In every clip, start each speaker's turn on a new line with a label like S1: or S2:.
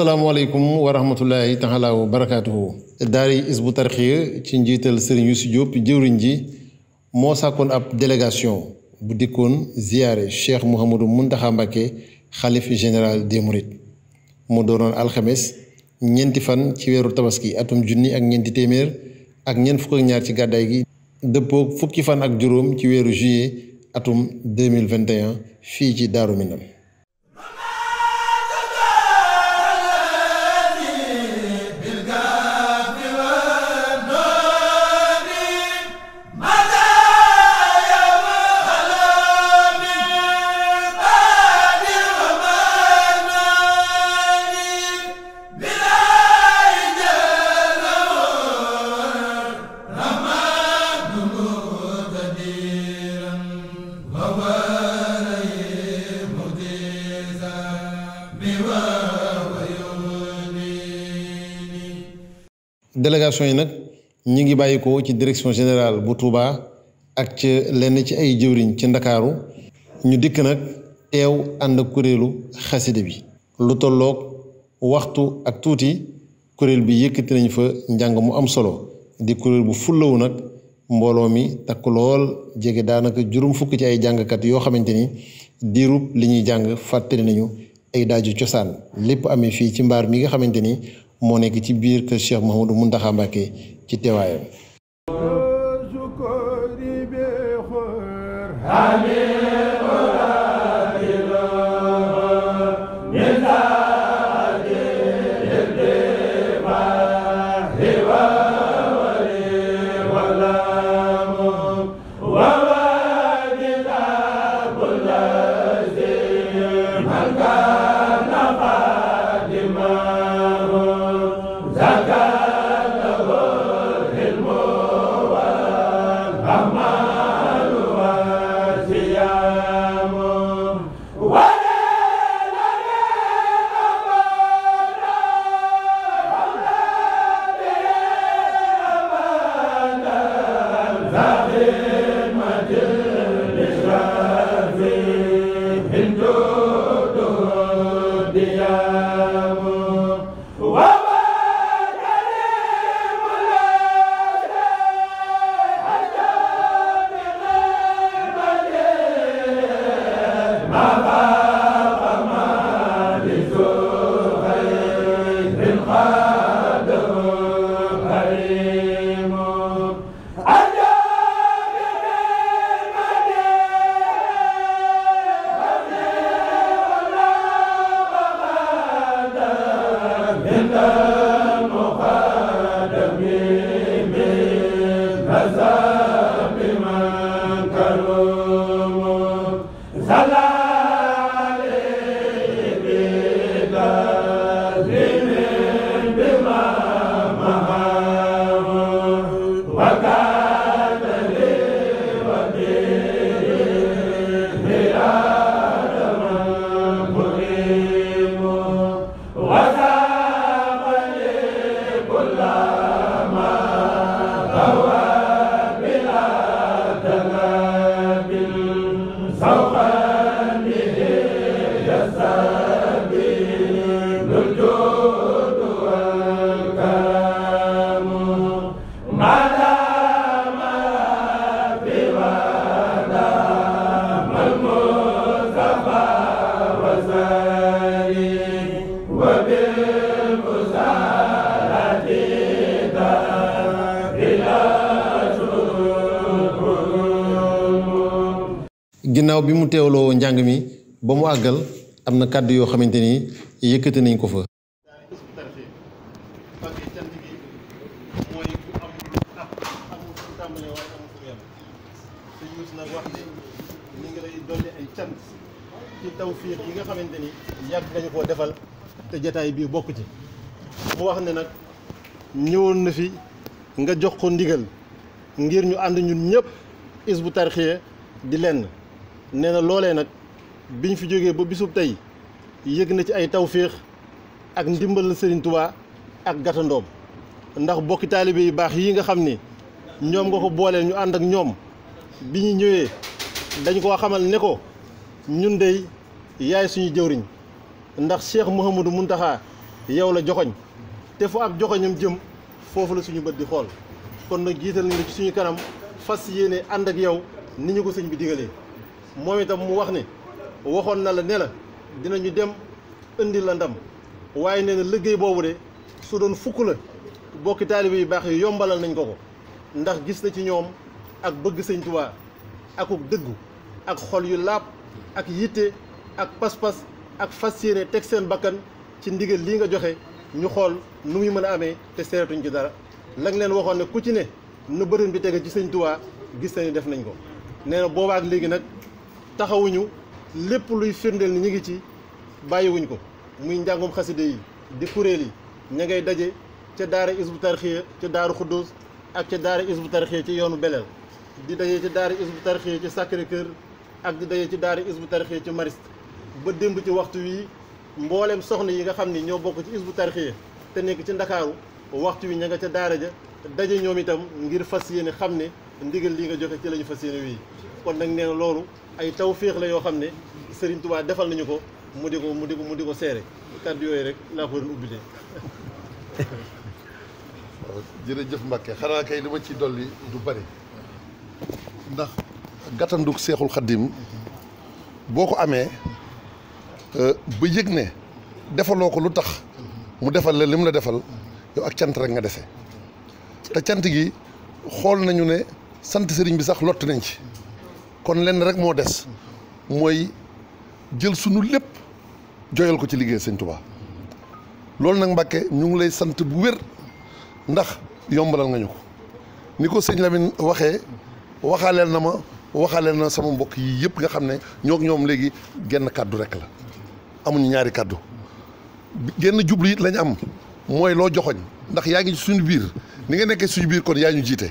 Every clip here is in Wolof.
S1: asalaamaaleykum wa rahmatullahi taala wa barakaatuhu daari isbu tarxiya ci njiital sëriñ Youssou Diop jëwriñ ji moo sàkkoon ab délégation bu dikkoon ziyaare cheikh Mouhamadou Mountakha Mbacké xalif général des mu doonoon alxemes ñeenti fan ci weeru tabaski atum junni ak ñeenti téeméer ak ñeent fukk ñaar ci gàddaay gi dëppoo fukki fan ak juróom ci weeru juillet atum 2021 fii ci Daaru Minam délégation yi nag ñi ngi bàyyi ko ci direction général bu Touba ak ci lenn ci ay jëwriñ ci ndakaaru ñu dikk nag teew ànd ak kuréelu xaside bi lu tollook waxtu ak tuuti kuréel bi yëkkati nañ fa njàng mu am solo di kuréel bu fullawu nag mbooloo mi takk lool jege daanaka juróom fukk ci ay jàngkat yoo xamante ni diirub li ñuy jàng fàttali nañu ay daaju cosaan lépp amee fii ci mbaar mi nga xamante ni moo nekk ci biir kër Cheikh Mouhamadou Mountakha Mbacké ci teewaayam. ginnaaw bi mu teewloo njàng mi ba mu àggal am na kàddu yoo xamante ni yëkkati nañ ko fa.
S2: ci tawfiix yi defal te jataay bii bokk ci mu wax ne nag ñëwoon na fi nga jox ko ndigal ngir ñu ànd ñun ñëpp Hizbut Tarqiyyah di lenn nee na loolee nag bi ñu fi jógee ba bisub tey yëg na ci ay tawféex ak ndimbalal Serigne Touba ak gatandoom ndax bokki taalibe yu baax yi nga xam ni ñoom nga ko booleel ñu ànd ak ñoom bi ñu ñëwee dañ koo xamal ne ko ñun dey yaay suñu jëwriñ ndax Cheikh Mouhamadou Mountakha yow la joxoñ te fu ab joxoñam jëm foofu la suñu bët di xool kon na jiital nañ la ci suñu kanam fas yéene ànd ak yow ni ñu ko sëñ bi digalee moom itam mu wax ni waxoon na la ne la dinañu dem indi la ndam waaye nee na liggéey boobu de su doon fukk la bokki taalibe yu baax yi yombalal nañ ko ko ndax gis na ci ñoom ak bëgg sëñ Tuubaa akuk dëggu ak xool yu laab ak yitte ak pas-pas ak fas yéene teg seen bakkan ci ndigal lii nga joxe ñu xool nu muy mën a amee te seeratuñ ci dara la leen waxoon ne ku ci ne nu bërën bi tege ci sëñ Tuubaa gis nañu def nañ ko nee na boobaak léegi nag taxawuñu lépp luy firndeel ni ñu ngi ci bàyyiwuñ ko muy njàngum xaside yi di kuréel yi ña ngay daje ca daara isbu tarxiya ca daaru xuddoos ak ca daara isbu tarxiya ci yoonu beleel di daje ci daara isbu tarxiya ci Sacré Cœur ak di daje ci daara isbu tarxiya ci Mariste ba démb ci waxtu wi mbooleem soxna yi nga xam ni ñoo bokk ci isbu tarxiya te nekk ci ndakaaru waxtu wi ña nga ca daara ja daje ñoom itam ngir fas yéene xam ne ndigal li nga joxe ci lañu fas yéene wii kon nag nee na ay taw féex la yoo xam ne Serigne Touba defal nañu ko mu di ko mu di ko seere kàddu yooyu rek laa ko doon ubbite waaw jërëjëf Mbacke xanaa kay
S3: li ma ci dolli du bari ndax gàttanduk seexul xaddim boo ko amee euh, ba yëg ne defaloo ko lu tax mu defal la li mu la defal yow ak cant rek nga dese te cant gi xool nañu ne sant sëriñ bi sax lott nañ ci kon lenn rek moo des mooy jël sunu lépp joyal ko ci liggéey sëñ Touba loolu nag Mbàkke ñu ngi lay sant bu wér ndax yombalal nga ko ni ko sëñ Lamine waxee waxaaleel na ma waxaaleel na sama mbokk yi yëpp nga xam ne ñook ñoom léegi genn kàddu rek la amuñu ñaari kàddu genn jublu it lañ am mooy loo joxoñ ndax yaa ngi suñu biir ni nga nekke suñu biir kon yaa ñu jiite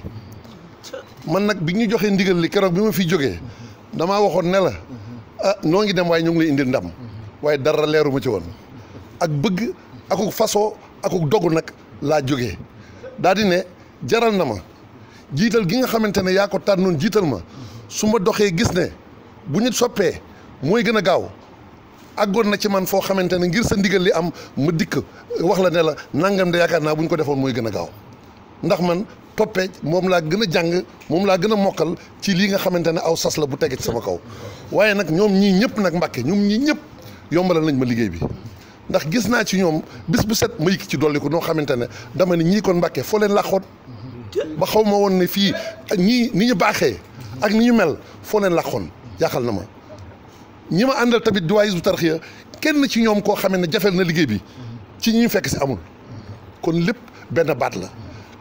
S3: man nag bi ñu joxee ndigal li keroog bi ma fi jógee damaa waxoon ne la ah noo ngi dem waaye ñu ngi lay indi ndam waaye dara leeru ma ci woon ak bëgg akuk façon akuk dogu nag laa jóge daal ne jaral na ma jiital gi nga xamante ne yaa ko tànnoon jiital ma su ma doxee gis ne bu ñu soppee mooy gën a gaaw àggoon na ci man foo xamante ne ngir sa ndigal li am ma dikk wax la ne la nangam yaakaar naa bu ñu ko defoon mooy gën a gaaw ndax man toppee moom laa gën a jàng moom laa gën a mokkal ci lii nga xamante ne aw sas la bu tege ci sama kaw waaye nag ñoom ñii ñëpp nag mbàkke ñoom ñii ñëpp yombalal nañ ma liggéey bi ndax gis naa ci ñoom bis bu set ma yëkk ci dolli ko noo xamante ne dama ne ñii kon mbàkke foo leen làqoon ba xaw ma woon ne fii ak ñii ni ñu baaxee ak ni ñu mel foo leen làqoon yaaxal na ma ñi ma àndal tamit di waa Hizbut Tarqiyyah kenn ci ñoom koo xamee ne jafeel na liggéey ci ñi fekk si amul kon lépp benn baat la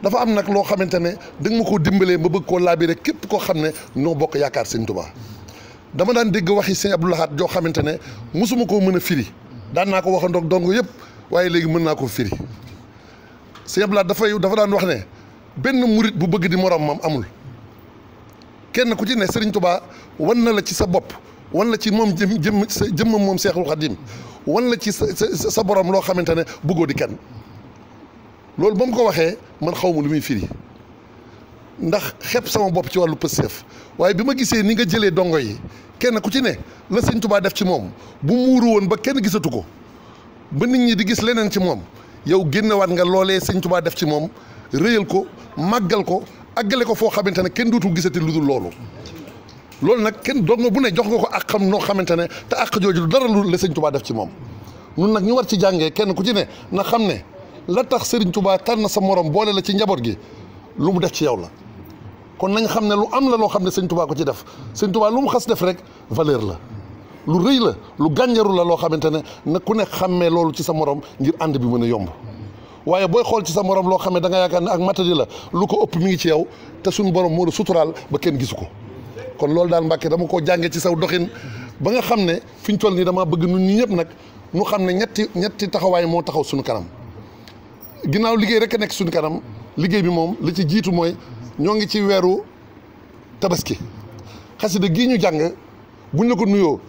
S3: dafa am nag loo xamante ne danga ma koo dimbalee ma bëgg koo laabire képp koo xam ne noo bokk yaakaar sëñ Tuubaa dama daan dégg waxi sëñ Abdou Lahad joo xamante ne mosuma koo mën a firi daan naa ko wax waxandoog dong yëpp waaye léegi mën naa koo firi sëñ Abdou Lahad dafay dafa daan wax ne benn murit bu bëgg di mam amul kenn ku ci ne sëriñ tubaa wan na la ci sa bopp wan la ci moom jëm jëm sa jëmmam moom Seexul Xadiim wan la ci sa sa borom loo xamante ne bëggoo di kenn. loolu ba mu ko waxee man xaw ma lu muy firi ndax xepp sama bopp ci wàllu pësteef waaye bi ma gisee ni nga jëlee dongo yi kenn ku ci ne la sëñ Tuubaa def ci moom bu muuru woon ba kenn gisatu ko ba nit ñi di gis leneen ci moom yow génnewaat nga loolee sëñ Tuubaa def ci moom réyal ko màggal ko àggale ko foo xamante ne kenn dootul gisati lu dul loolu loolu nag kenn dongo bu ne jox nga ko ak xam noo xamante ne te ak jooju dara lu la sëñ Tuubaa def ci moom nun nag ñu war ci jàngee kenn ku ci ne xam ne la tax Serigne Touba tànn sa morom boole la ci njaboot gi lu mu def ci yow la kon nañ xam ne lu am la loo xam ne Serigne Touba ko ci def Serigne Touba lu mu xas def rek valeur la lu rëy la lu gànjaru la loo xamante ne na ku ne xàmmee loolu ci sa morom ngir ànd bi mën a yomb waaye booy xool ci sa morom loo xam ne da nga yaakaar ne ak matadi la lu ko ëpp mu ngi ci yow te suñu borom moo la suturaal ba kenn gisu ko kon loolu daal Mbàkke dama ko jàngee ci saw doxin ba xam ne fi ñu toll nii dama bëgg ñun ñëpp nag ñu xam ne ñetti ñetti taxawaay moo taxaw suñu kanam. ginnaaw liggéey rek a nekk suñu kanam liggéey bi moom li ci jiitu mooy ñoo ngi ci weeru tabaski xasida gi ñu jàng bu buñ la ko nuyoo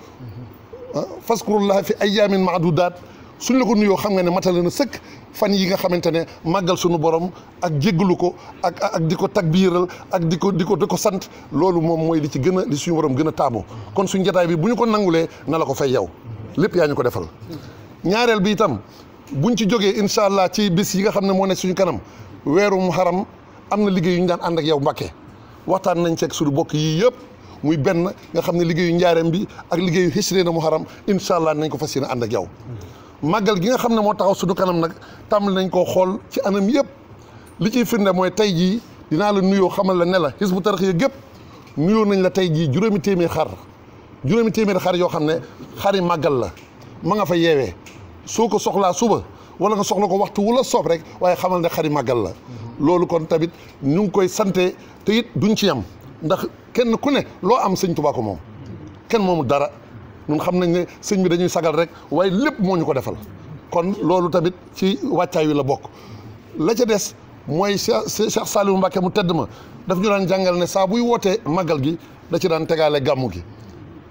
S3: ah, faskurullaa fi ayaamin maadudaat suñ la ko nuyoo xam nga ne matale na sëkk fan yi nga xamante ne màggal suñu borom ak jéggalu ko ak ak di ko takbiiral ak di ko di ko di ko sant loolu moom mooy li ci gën a li suñu borom gën a taamu kon suñ jotaay bi bu ñu ko nangulee na la ko fay yow lépp yaa ñu ko defal ñaareel bi itam bu buñ ci jógee incha allah ci bis yi nga xam ne moo nekk suñu kanam weeru xaram am na liggéey yu ñu daan ànd ak yow Mbacke waxtaan nañ ceeg suñu bokk yii yëpp muy benn nga xam ne liggéeyu njaareem bi ak liggéeyu nee na muharam incha allah nañ ko fas yéene ànd ak yow. màggal gi nga xam ne moo taxaw suñu kanam nag tàmbali nañ koo xool ci anam yëpp li ciy firnde mooy tey jii dinaa la nuyoo xamal la ne la Hizbut Tarqiyyah gépp nuyoo nañ la tey jii juróomi téeméer xar juróomi téeméer xar yoo xam ne xari màggal la ma nga fa yeewee soo ko soxlaa suba wala nga soxla ko waxtu wu la soob rek waaye xamal ne xari màggal la loolu kon tamit ñu ngi koy sante te it duñ ci yam ndax kenn ku ne loo am sëñ Tuubaa moom kenn moomu dara ñun xam nañ ne sëñ bi dañuy sagal rek waaye lépp moo ñu ko defal kon loolu tamit ci wàccaay wi la bokk la ca des mooy Cheikh Saliou Mbacké mu tedd ma daf ñu daan jàngal ne saa buy wootee màggal gi da ci daan tegaale gàmmu gi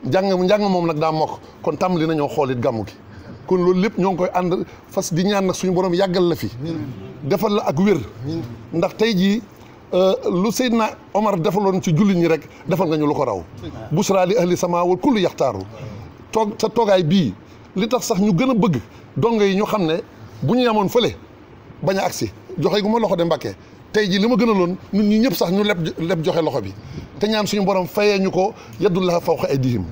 S3: njàng njàng moom nag daa mokk kon tàmbali nañoo xoolit gàmmu gi kon loolu lépp ñoo ngi koy ànd fas di ñaan nag suñu borom yàggal la fi. defal la ak wér. ndax tey jii euh, lu Seydina Omar defaloon ci julli ñi rek defal nga ñu lu ko raw. busra li ahli sama wal kullu yaxtaaru. toog sa toogaay bii li tax sax ñu gën a bëgg dongo yi ñu xam ne bu ñu yamoon fële bañ a si joxe gu ma loxo de Mbàkke tey jii li ma gën a loon ñun ñi ñëpp sax ñu leb joxe loxo bi te ñaan suñu borom fayee ñu ko yaddullaha fawqa aydihim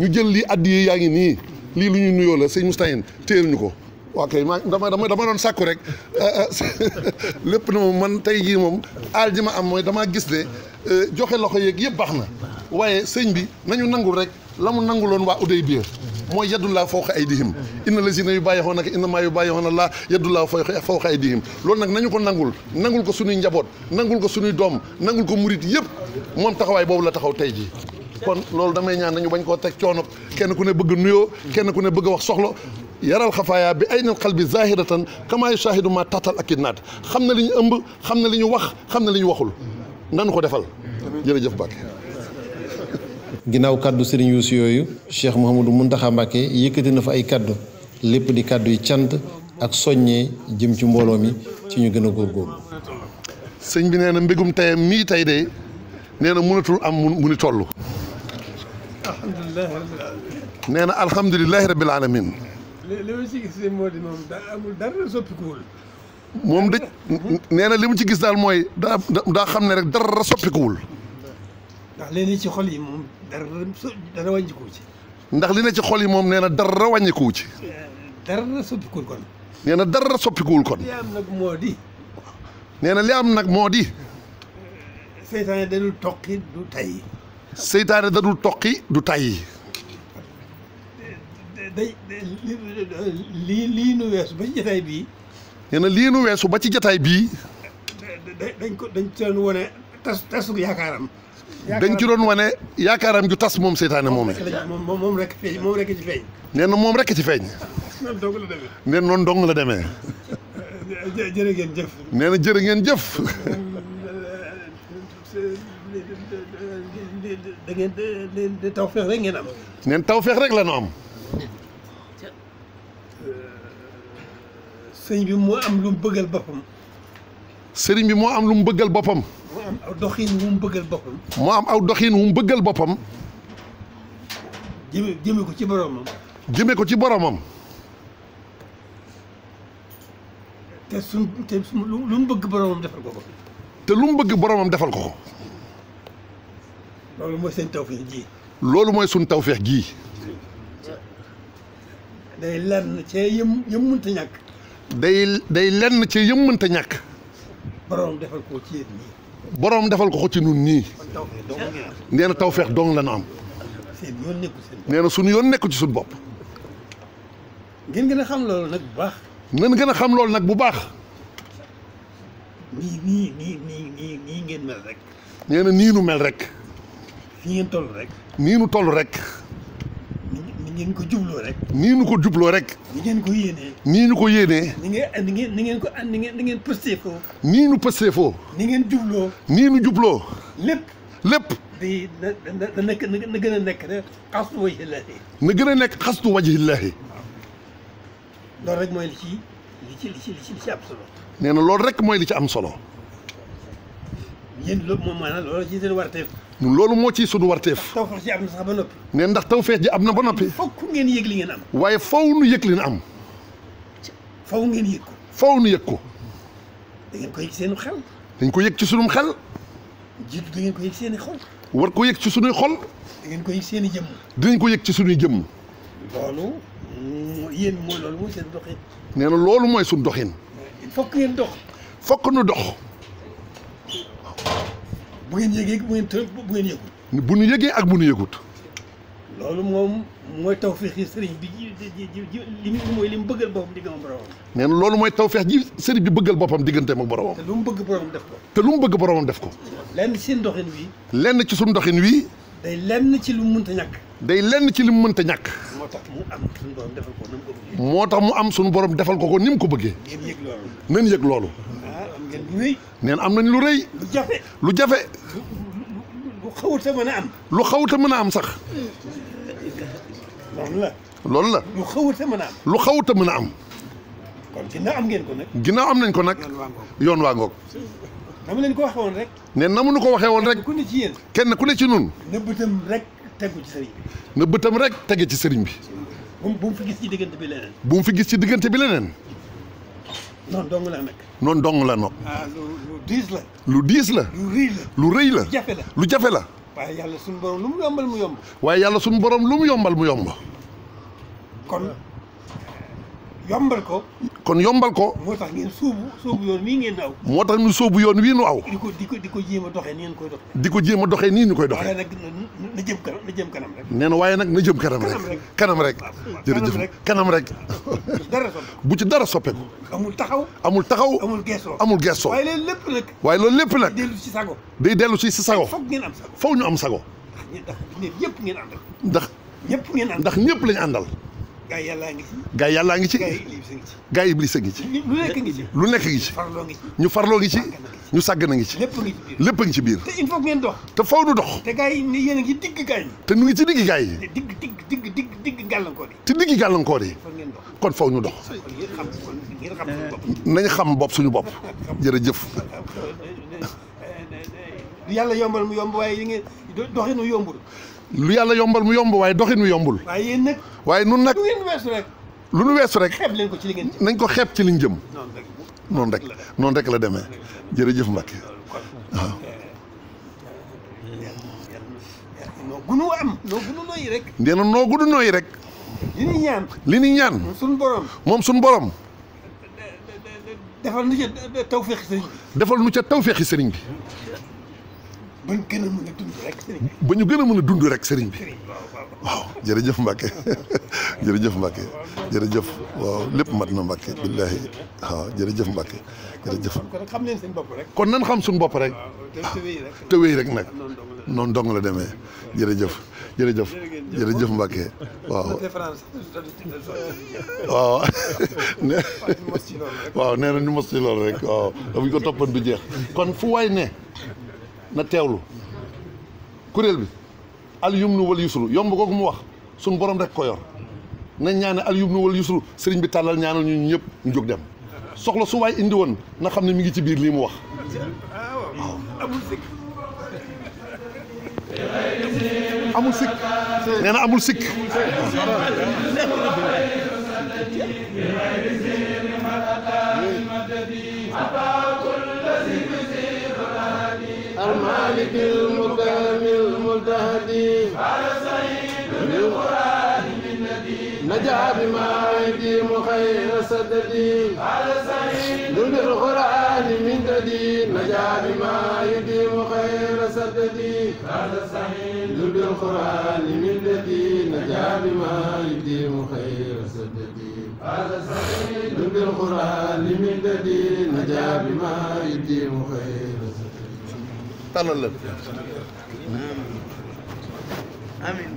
S3: ñu jël lii addiye yaa ngi nii lii lu ñuy nuyoo la sëñ Moustahine téyel ñu ko waaw ma dama dama dama doon sàkku rek euh, euh, lépp na moom man tey jii moom aal ji ma am mooy damaa gis ne euh, joxe loxo yeeg yëpp baax na waaye sëñ bi nañu nangul rek la mu nanguloon waa biir mooy ay fawqa aydihim inna lazina yu bàyyoxoon ak inna maa yu bàyyoxoon allah yadullaa fawqa aydihim loolu nag nañu ko nangul nangul ko suñuy njaboot nangul ko suñuy doom nangul ko murit yëpp moom taxawaay boobu la taxaw tey jii kon loolu damay ñaan nañu bañ koo teg coono kenn ku ne bëgg nuyoo kenn ku ne bëgg wax soxla yaral xafaaya bi ay nal xal bi zahiratan kama yushaahidu ma tatal ak i naat xam na li ñu ëmb xam na li ñu wax xam na li ñu waxul nanu ko defal jërëjëf Mbacke
S1: ginnaaw kàddu Serigne Youssou yooyu Cheikh Mouhamadou Mountakha Mbacke yëkkati na fa ay kàddu lépp di kaddu yi cant ak soññee jim ci mbooloo mi ci ñu gën a góor sëñ bi nee na mbégum tayam
S3: mii tay de nee na mënatul am mu ni toll. nee na alhamdulilahi rabbil alamin
S4: li ma ci gis moo di moom daa amul dara soppikuwul. moom de
S3: nee na li mu ci gis daal mooy daa daa xam ne rek dara soppikuwul.
S4: ndax li ne ci xol yi moom dara dara wàññikuwu ci.
S3: ndax li ne ci xol yi moom nee na dara wàññikuwu ci.
S4: dara soppikuwul kon.
S3: nee na dara soppikuwul kon.
S4: li am nag moo di. nee na
S3: li am nag moo di.
S4: seytaane da dul toqi du tayyi.
S3: seytaane da dul toqi du tayyi.
S4: day lii lii nu weesu ba ci jataay bii. nee lii nu weesu ba ci jataay bii. dañ ko dañ ci doon wane tas tasu yaakaaram. dañ ci doon wane
S3: yaakaaram ju tas moom seytaane moom
S4: moom moom rek feeñ moom rek ci feeñ.
S3: nee na la demee. nee na la demee.
S4: jëf.
S3: nee na ngeen jëf.
S4: ngeen di di rek ngeen am.
S3: neen tawfeex rek la ñu am.
S4: sëñ bi moo am lu mu bëggal boppam.
S3: sëriñ bi moo am lu mu bëggal boppam.
S4: moo am aw doxin wu mu bëggal boppam.
S3: moo am aw doxin wu bëggal boppam. jëme
S4: jëme ko ci boromam.
S3: jëme ko ci boromam.
S4: te suñ te lu mu bëgg boromam defal ko te lu mu bëgg boromam defal ko ko. loolu mooy seen tawféex jii
S3: loolu mooy suñ tawféex gii.
S4: day lenn cee yëm yëm ñàkk.
S3: day day lenn cee yëm ñàkk.
S4: borom defal ko ci yéen
S3: ñii. borom defal ko ko ci ñun ñii. nee na tawféex dong la ñu am.
S4: seen yoon
S3: na suñu yoon nekku ci suñu bopp.
S4: ngeen gën a xam loolu nag bu baax. ngeen gën a xam loolu nag bu baax. nii nii nii ngeen mel rek.
S3: nee na nii nu mel rek.
S4: fi ngeen toll rek.
S3: nii nu toll rek.
S4: ni ngeen ko jubloo rek.
S3: nii nu ko jubloo rek.
S4: ni ngeen ko yéenee.
S3: nii ñu ko yéenee.
S4: ni ngeen ni ngeen ni ngeen ko ni ngeen ni ngeen pëstee foo. nii nu pëstee foo. ni ngeen jubloo. nii nu jubloo. lépp. lépp. day na na na na gën a nekk rek xastu
S3: na gën a nekk xastu wajhillahi.
S4: loolu rek mooy li ci li ci li ci am solo.
S3: nee na loolu rek mooy li ci am solo.
S4: yéen loolu moom maanaam loolu ci seen warteef.
S3: loolu moo ciy sunu warteef. tawfeex ji am na ba noppi. ne ndax tawfeex ji am na ba noppi. fokk ngeen yëg li ngeen am. waaye faw nu yëg li nu am. faw ngeen yëg ko. nu yëg ko. da ko yëg seen xel. dañ ko yëg ci sunum xel.
S4: jiitu da ngeen ko yëg
S3: war ko yëg ci sunuy xol.
S4: ngeen ko yëg seen i jëmm.
S3: dinañ ko yëg ci sunuy jëmm.
S4: loolu. yéen mooy seen doxin.
S3: na loolu mooy sunu doxin.
S4: fokk ngeen fokk nu dox. bu ngeen yëgee bu ngeen të bu bu nu yëgee ak bu nu yëgut. loolu moom mooy tawfeex yi sëriñ bi ji ji li mooy li mu bëggal boppam digganteem ak boromam. nee na
S3: loolu mooy tawfeex ji sëriñ bi bëggal boppam digganteem ak boromam. te
S4: lu mu bëgg boromam def ko.
S3: te lu bëgg boromam def ko.
S4: lenn ci seen doxin wi.
S3: lenn ci suñu doxin wii day lenn ci lu mu mënta ñàkk. day lenn ci li mu mënta ñàkk.
S4: moo tax mu am suñu borom defal ko ko bëggee. moo tax
S3: mu am suñu borom defal ko ko ni ko bëggee. ngeen yëg loolu. neen am nañ lu rëy. lu jafe lu jafe.
S4: lu xawut a mën a am.
S3: lu xawut a mën a am sax. loolu la.
S4: lu xawut a mën a am.
S3: lu xawut mën a am. kon ginnaaw am ngeen ko nag. ginnaaw am nañ ko nag. yoon waa ngoog.
S4: dama ko waxee woon rek.
S3: neen na mënu ko waxee woon rek. ku ne kenn ku ne ci nun
S4: nëbbëtam rek tegu ci sëriñ bi.
S3: nëbbëtam rek tege ci sëriñ bi. bu bi bu mu fi gis ci diggante bi leneen.
S4: noonu dong la nag.
S3: noonu dong la nag.
S4: ah lu diis la. lu diis la. lu rëy la. lu rëy la. jafe la lu jafe la. waaye yàlla suñu borom lu mu yombal mu yomb. waaye yàlla suñu borom lu mu
S3: yombal mu yomb.
S4: yombal ko. kon yombal ko. moo tax ngeen sóobu sóobu yoon wii ngeen aw.
S3: moo tax ñu sóobu yoon wii nu aw. di
S4: ko di ko di ko jéem doxee nii ñu koy doxee. di ko jéem a doxee nii ñu koy doxee. waaye nag na jëm kanam na jëm kanam rek.
S3: nee na waaye nag na jëm kanam rek. kanam rek jërëjëf kanam rek. bu ci dara soppeeku. amul taxaw amul taxaw. amul geesoo amul geesoo. waaye loolu
S4: lépp nag. waaye loolu lépp nag. day dellu si sago.
S3: day dellu si sago. foog ngeen am sago foog ñu am sago.
S4: ndax ñëpp ngeen àndal. ndax ñëpp ngeen ndax ñëpp lañ àndal gaa yàllaa ngi ci.
S3: gaa yàllaa ngi ci. ngi ci.
S4: lu nekk ngi ci. lu nekk ngi ñu
S3: farloo ngi ci. ñu sàgg na ngi ci. lépp ngi ci biir lépp ci biir. te ngeen dox. te faw nu dox. te gaa yi ne a ngi digg gaa yi. te nu ngi ci digg gaa yi. te digg
S4: digg digg gàllankoor yi.
S3: te digg gàllankoor yi. kon faw ñu dox. nañ xam bopp suñu bopp. jërëjëf. lu yàlla yombal mu yomb waaye doxinu yombul. lu yàlla yombal mu yomb waaye doxinu yombul. waaye waaye nun nag lu nu weesu rek nañ ko xeeb ci liñ jëm noonu rek noonu rek la demee jërëjëf Mbacke
S4: waaw noo gunu am noo gunu nooyi rek
S3: nee na noo gunu nooyi rek li ñuy ñaan li ñuy ñaan moom suñu borom
S4: defal nu ca tawféexi sëriñ bi
S3: defal nu ca tawféexi sëriñ bi
S4: ba ñu gën a mën
S3: a dund rek sëriñ bi. waaw jërëjëf Mbacke jërëjëf Mbacke jërëjëf waaw lépp mat na Mbacke billaahi waaw jërëjëf Mbacke jërëjëf.
S4: kon xam leen
S3: xam suñu bopp rek. te wéy rek nag noonu dong la demee jërëjëf jëf jërëjëf Mbacke waaw.
S4: waaw waaw nee
S3: na ñu mos rek waaw bu ñu ko toppan jeex kon fu waay ne. na teewlu kuréel bi al yumnu wal yusru yomb googu mu wax suñ borom rek ko yor nañ ñaane al yumnu wal yusru sëriñ bi tàllal ñaanal ñu ñëpp ñu jóg dem soxla su indi woon na xam ne mu ngi ci biir lii mu wax waaw amul sikk nee amul sikk
S2: مالك المكرم المتهدي على سيد القرآن بالندي نجا بما يديم خير سددي على سيد القرآن من ددي نجا بما يديم خير سددي على سيد القرآن من ددي نجا بما يديم خير سددي على سيد القرآن من ددي نجا بما يديم خير tàllal la
S4: amiin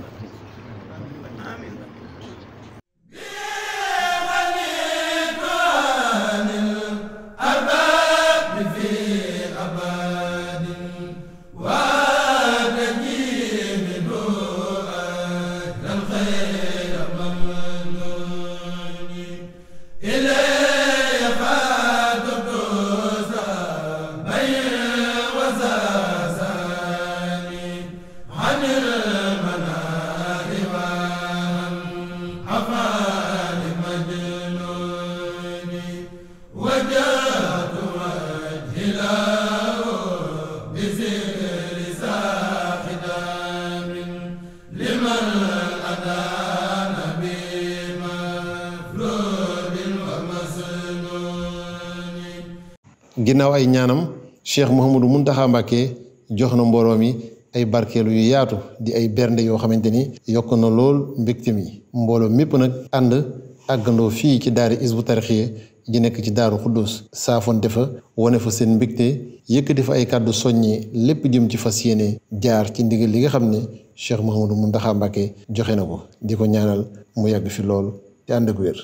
S1: ginnaaw ay ñaanam cheikh Mouhamadou Mountakha Mbacké jox na mbooloo mi ay barkeelu yu yaatu di ay bernde yoo xamante ni yokk na lool mbégte mi mbooloo mépp nag ànd àggandoo fii ci daari Hizbut Tarqiyyah ji nekk ci daaru xuddus saafonte fa wane fa seen mbégte yëkkati fa ay kàddu soññi lépp jëm ci fas yéene jaar ci ndigal li nga xam ne Cheikh Mouhamadou Mountakha Mbacké joxe na ko di ko ñaanal mu yàgg fi loolu te ànd ak wér